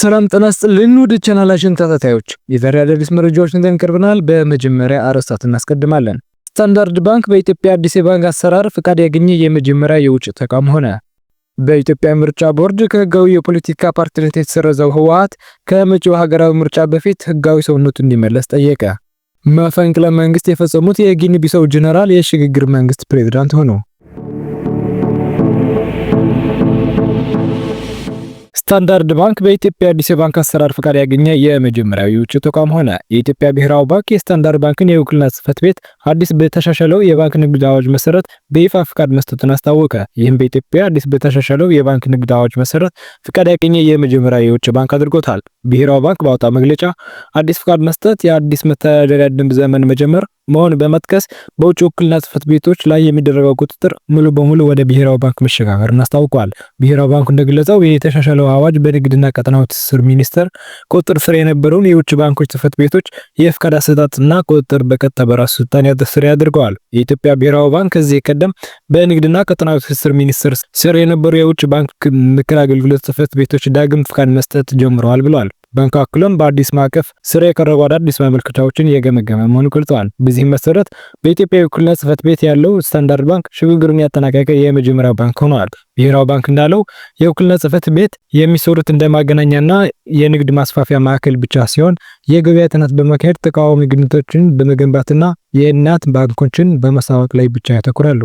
ሰላም ጤና ይስጥልን ውድ ቻናላችን ተከታታዮች፣ የዛሬ አዳዲስ መረጃዎችን ይዘን ቀርበናል። በመጀመሪያ አርዕስታት እናስቀድማለን። ስታንዳርድ ባንክ በኢትዮጵያ አዲስ የባንክ አሰራር ፍቃድ ያገኘ የመጀመሪያ የውጭ ተቋም ሆነ። በኢትዮጵያ ምርጫ ቦርድ ከህጋዊ የፖለቲካ ፓርቲነት የተሰረዘው ህወሓት ከመጪው ሀገራዊ ምርጫ በፊት ህጋዊ ሰውነቱ እንዲመለስ ጠየቀ። መፈንቅለ መንግስት የፈጸሙት የጊኒ ቢሳው ጀነራል የሽግግር መንግስት ፕሬዝዳንት ሆነው ስታንዳርድ ባንክ በኢትዮጵያ አዲስ የባንክ አሰራር ፈቃድ ያገኘ የመጀመሪያው የውጭ ተቋም ሆነ። የኢትዮጵያ ብሔራዊ ባንክ የስታንዳርድ ባንክን የውክልና ጽፈት ቤት አዲስ በተሻሻለው የባንክ ንግድ አዋጅ መሰረት በይፋ ፍቃድ መስጠቱን አስታወቀ። ይህም በኢትዮጵያ አዲስ በተሻሻለው የባንክ ንግድ አዋጅ መሰረት ፍቃድ ያገኘ የመጀመሪያው የውጭ ባንክ አድርጎታል። ብሔራዊ ባንክ ባወጣ መግለጫ አዲስ ፍቃድ መስጠት የአዲስ መተዳደሪያ ደንብ ዘመን መጀመር መሆን በመጥቀስ በውጭ ውክልና ጽህፈት ቤቶች ላይ የሚደረገው ቁጥጥር ሙሉ በሙሉ ወደ ብሔራዊ ባንክ መሸጋገር አስታውቋል። ብሔራዊ ባንኩ እንደገለጸው የተሻሻለው አዋጅ በንግድና ቀጠናዊ ትስስር ሚኒስቴር ቁጥጥር ስር የነበረውን የውጭ ባንኮች ጽህፈት ቤቶች የፍቃድ አሰጣጥና ቁጥጥር በቀጥታ በራሱ ስልጣን ያደስር ያደርገዋል። የኢትዮጵያ ብሔራዊ ባንክ ከዚህ ቀደም በንግድና ቀጠናዊ ትስስር ሚኒስቴር ስር የነበሩ የውጭ ባንክ ምክር አገልግሎት ጽህፈት ቤቶች ዳግም ፍቃድ መስጠት ጀምረዋል ብሏል። በመካከሉም በአዲስ ማዕቀፍ ስር የቀረቡ አዳዲስ ማመልከቻዎችን እየገመገመ መሆኑ ገልጸዋል። በዚህም መሰረት በኢትዮጵያ የውክልና ጽሕፈት ቤት ያለው ስታንዳርድ ባንክ ሽግግሩን ያጠናቀቀ የመጀመሪያው ባንክ ሆኗል። ብሔራዊ ባንክ እንዳለው የውክልና ጽሕፈት ቤት የሚሰሩት እንደ ማገናኛና የንግድ ማስፋፊያ ማዕከል ብቻ ሲሆን የገበያ ጥናት በመካሄድ ተቃዋሚ ግኝቶችን በመገንባትና የእናት ባንኮችን በማስታወቅ ላይ ብቻ ያተኩራሉ።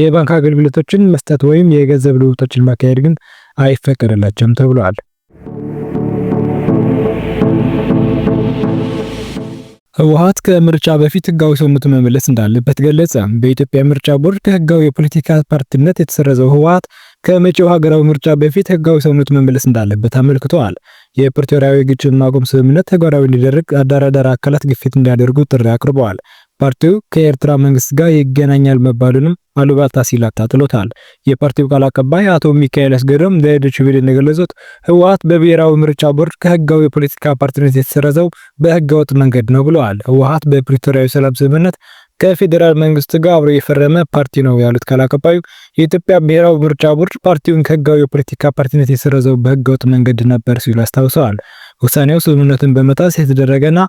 የባንክ አገልግሎቶችን መስጠት ወይም የገንዘብ ልውጦችን ማካሄድ ግን አይፈቀድላቸውም ተብሏል። ህወሀት ከምርጫ በፊት ህጋዊ ሰውነቱ መመለስ እንዳለበት ገለጸ። በኢትዮጵያ ምርጫ ቦርድ ከህጋዊ የፖለቲካ ፓርቲነት የተሰረዘው ህወሀት ከመጪው ሀገራዊ ምርጫ በፊት ህጋዊ ሰውነቱ መመለስ እንዳለበት አመልክተዋል። የፕሪቶሪያዊ ግጭት ማቆም ስምምነት ተግባራዊ እንዲደረግ አደራዳሪ አካላት ግፊት እንዲያደርጉ ጥሪ አቅርበዋል። ፓርቲው ከኤርትራ መንግስት ጋር ይገናኛል መባሉንም አሉባልታ ሲል አጣጥሎታል። የፓርቲው ቃል አቀባይ አቶ ሚካኤል አስገዶም ለዶይቼ ቬለ እንደገለጹት ህወሓት በብሔራዊ ምርጫ ቦርድ ከህጋዊ የፖለቲካ ፓርቲነት የተሰረዘው በህገወጥ መንገድ ነው ብለዋል። ህወሓት በፕሪቶሪያዊ ሰላም ስምምነት ከፌዴራል መንግስት ጋር አብሮ የፈረመ ፓርቲ ነው ያሉት ቃል አቀባዩ የኢትዮጵያ ብሔራዊ ምርጫ ቦርድ ፓርቲውን ከህጋዊ የፖለቲካ ፓርቲነት የሰረዘው በህገወጥ መንገድ ነበር ሲሉ አስታውሰዋል። ውሳኔው ስምምነቱን በመጣስ የተደረገና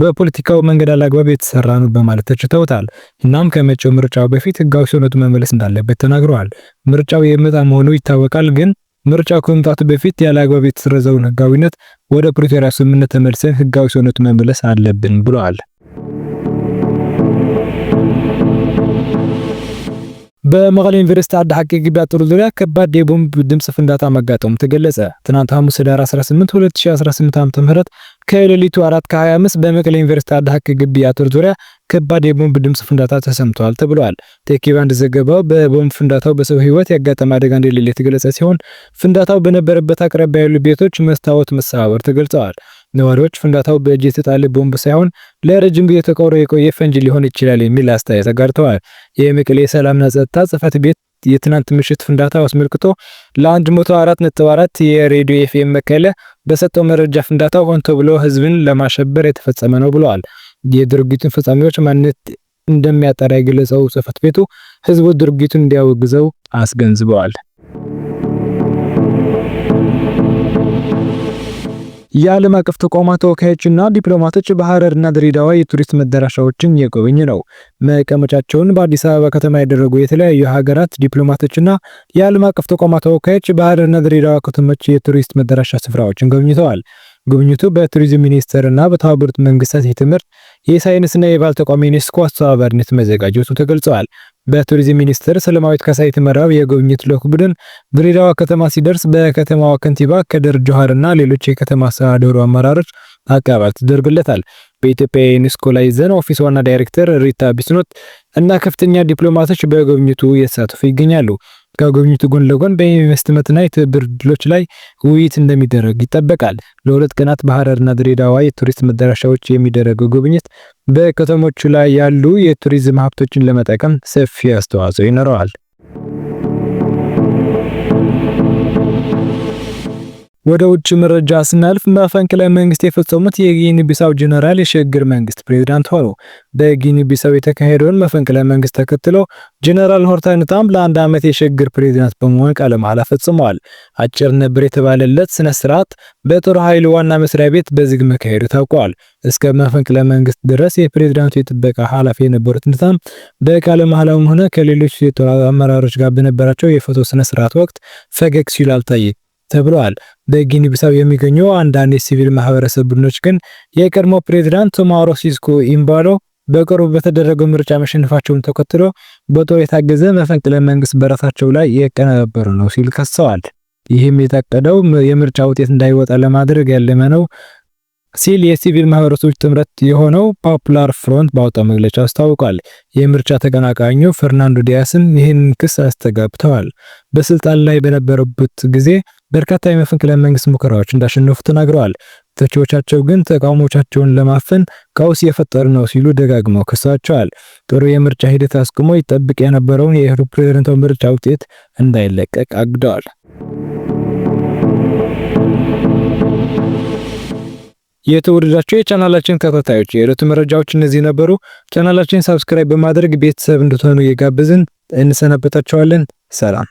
በፖለቲካው መንገድ አላግባብ የተሰራ ነው በማለት ተችተውታል። እናም ከመጪው ምርጫው በፊት ህጋዊ ሰውነቱ መመለስ እንዳለበት ተናግረዋል። ምርጫው የመጣ መሆኑ ይታወቃል። ግን ምርጫው ከመምጣቱ በፊት ያለ አግባብ የተሰረዘውን ህጋዊነት ወደ ፕሪቶሪያ ስምምነት ተመልሰን ህጋዊ ሰውነቱ መመለስ አለብን ብለዋል። በመቀሌ ዩኒቨርሲቲ ዓዲ ሓቂ ግቢ ጥሩ ዙሪያ ከባድ የቦምብ ድምጽ ፍንዳታ መጋጠሙ ተገለጸ። ትናንት ሐሙስ ህዳር 18 2018 ዓ.ም ከሌሊቱ 4 ከ25 በመቐለ ዩኒቨርሲቲ ዓዲ ሓቂ ግቢ አጥር ዙሪያ ከባድ የቦምብ ድምጽ ፍንዳታ ተሰምቷል ተብሏል። ቴኪባንድ ዘገባው በቦምብ ፍንዳታው በሰው ህይወት ያጋጠመ አደጋ እንደሌለ የተገለጸ ሲሆን ፍንዳታው በነበረበት አቅራቢያ ያሉ ቤቶች መስታወት መሰባበር ተገልጸዋል። ነዋሪዎች ፍንዳታው በእጅ የተጣለ ቦምብ ሳይሆን ለረጅም ጊዜ ተቆሮ የቆየ ፈንጂ ሊሆን ይችላል የሚል አስተያየት አጋርተዋል። የመቀሌ ሰላምና ጸጥታ ጽሕፈት ቤት የትናንት ምሽት ፍንዳታ አስመልክቶ ለ104.4 የሬዲዮ ኤፍኤም መቀለ በሰጠው መረጃ ፍንዳታው ሆን ተብሎ ህዝብን ለማሸበር የተፈጸመ ነው ብለዋል። የድርጊቱን ፈጻሚዎች ማንነት እንደሚያጠራ የገለጸው ጽሕፈት ቤቱ ህዝቡ ድርጊቱን እንዲያወግዘው አስገንዝበዋል። የዓለም አቀፍ ተቋማት ተወካዮችና ዲፕሎማቶች በሐረርና ድሬዳዋ የቱሪስት መዳረሻዎችን እየጎበኙ ነው። መቀመጫቸውን በአዲስ አበባ ከተማ ያደረጉ የተለያዩ ሀገራት ዲፕሎማቶችና የዓለም አቀፍ ተቋማት ተወካዮች በሐረርና ድሬዳዋ ከተሞች የቱሪስት መዳረሻ ስፍራዎችን ጎብኝተዋል። ጉብኝቱ በቱሪዝም ሚኒስቴር እና በተባበሩት መንግስታት የትምህርት የሳይንስና የባህል ተቋም ዩኔስኮ አስተባባሪነት መዘጋጀቱ ተገልጸዋል። በቱሪዝም ሚኒስቴር ሰለማዊት ካሳ የተመራው የጉብኝት ልዑክ ቡድን ድሬዳዋ ከተማ ሲደርስ በከተማዋ ከንቲባ ከድር ጆሃር እና ሌሎች የከተማ አስተዳደሩ አመራሮች አቀባበል ተደርጎለታል። በኢትዮጵያ ላይ ዘን ኦፊስ ዋና ዳይሬክተር ሪታ ቢስኖት እና ከፍተኛ ዲፕሎማቶች በጉብኝቱ የተሳተፉ ይገኛሉ። ከጉብኝቱ ጎን ለጎን በኢንቨስትመንትና የትብብር ድሎች ላይ ውይይት እንደሚደረግ ይጠበቃል። ለሁለት ቀናት በሐረርና ድሬዳዋ የቱሪስት መዳረሻዎች የሚደረገው ጉብኝት በከተሞቹ ላይ ያሉ የቱሪዝም ሀብቶችን ለመጠቀም ሰፊ አስተዋጽኦ ይኖረዋል። ወደ ውጭ መረጃ ስናልፍ መፈንቅለ መንግስት የፈጸሙት የጊኒ ቢሳው ጀነራል የሽግግር መንግስት ፕሬዝዳንት ሆኑ። በጊኒ ቢሳው የተካሄደውን መፈንቅለ መንግስት ተከትሎ ጀነራል ሆርተን ጣም ለአንድ ዓመት የሽግግር ፕሬዝዳንት በመሆን ቃለ መሃላ ፈጽመዋል። አጭር ነበር የተባለለት ስነ ስርዓት በጦር ኃይል ዋና መስሪያ ቤት በዝግ መካሄዱ ታውቋል። እስከ መፈንቅለ መንግስት ድረስ የፕሬዝዳንቱ የጥበቃ ኃላፊ የነበሩት ንታም በቃለ መሃላውም ሆነ ከሌሎች የጦር አመራሮች ጋር በነበራቸው የፎቶ ስነ ስርዓት ወቅት ፈገግ ሲሉ አልታየ። ተብለዋል። በጊኒ ቢሳው የሚገኙ አንዳንድ የሲቪል ማህበረሰብ ቡድኖች ግን የቀድሞ ፕሬዚዳንት ቶማሮ ሲስኩ ኢምባሎ በቅርቡ በተደረገው ምርጫ መሸነፋቸውን ተከትሎ በጦር የታገዘ መፈንቅለ መንግስት በራሳቸው ላይ የቀነበሩ ነው ሲል ከሰዋል። ይህም የታቀደው የምርጫ ውጤት እንዳይወጣ ለማድረግ ያለመ ነው ሲል የሲቪል ማህበረሰቦች ጥምረት የሆነው ፖፑላር ፍሮንት ባወጣው መግለጫ አስታውቋል። የምርጫ ተቀናቃኙ ፈርናንዶ ዲያስም ይህን ክስ አስተጋብተዋል። በስልጣን ላይ በነበረበት ጊዜ በርካታ የመፈንቅለ መንግስት ሙከራዎች እንዳሸነፉ ተናግረዋል። ተቺዎቻቸው ግን ተቃውሞቻቸውን ለማፈን ቀውስ የፈጠረ ነው ሲሉ ደጋግመው ከሳቸዋል። ጥሩ የምርጫ ሂደት አስቆሞ ይጠብቅ የነበረውን የኢህአዴግ ፕሬዝደንታዊ ምርጫ ውጤት እንዳይለቀቅ አግደዋል። የተወደዳቸው የቻናላችን ተከታታዮች የዕለቱ መረጃዎች እነዚህ ነበሩ። ቻናላችን ሳብስክራይብ በማድረግ ቤተሰብ እንድትሆኑ እየጋበዝን እንሰናበታችኋለን። ሰላም